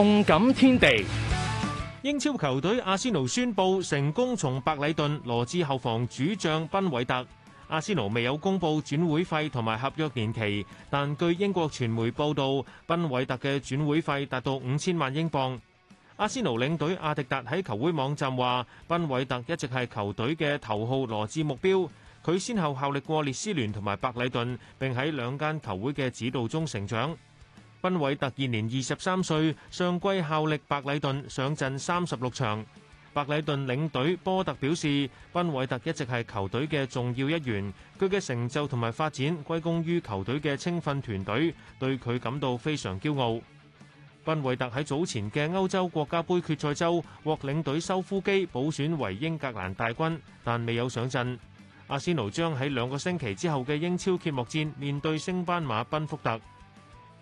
動感天地，英超球隊阿仙奴宣布成功從白禮頓羅致後防主將賓韋特。阿仙奴未有公布轉會費同埋合約年期，但據英國傳媒報道，賓韋特嘅轉會費達到五千萬英鎊。阿仙奴領隊阿迪達喺球會網站話：賓韋特一直係球隊嘅頭號羅致目標。佢先後效力過列斯聯同埋白禮頓，並喺兩間球會嘅指導中成長。賓韋特現年二十三歲，上季效力白禮頓，上陣三十六場。白禮頓領隊波特表示，賓韋特一直係球隊嘅重要一員，佢嘅成就同埋發展歸功於球隊嘅青訓團隊，對佢感到非常驕傲。賓韋特喺早前嘅歐洲國家杯決賽周獲領隊修夫基補選為英格蘭大軍，但未有上陣。阿仙奴將喺兩個星期之後嘅英超揭幕戰面對升班馬賓福特。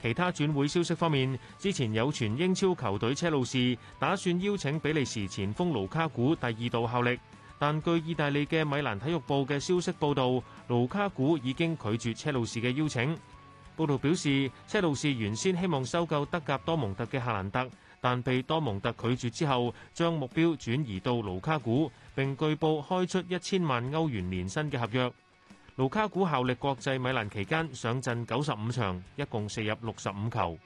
其他轉會消息方面，之前有傳英超球隊車路士打算邀請比利時前鋒盧卡古第二度效力，但據意大利嘅米蘭體育報嘅消息報道，盧卡古已經拒絕車路士嘅邀請。報道表示，車路士原先希望收購德甲多蒙特嘅夏蘭特，但被多蒙特拒絕之後，將目標轉移到盧卡古，並據報開出一千萬歐元年薪嘅合約。盧卡古效力國際米蘭期間，上陣九十五場，一共射入六十五球。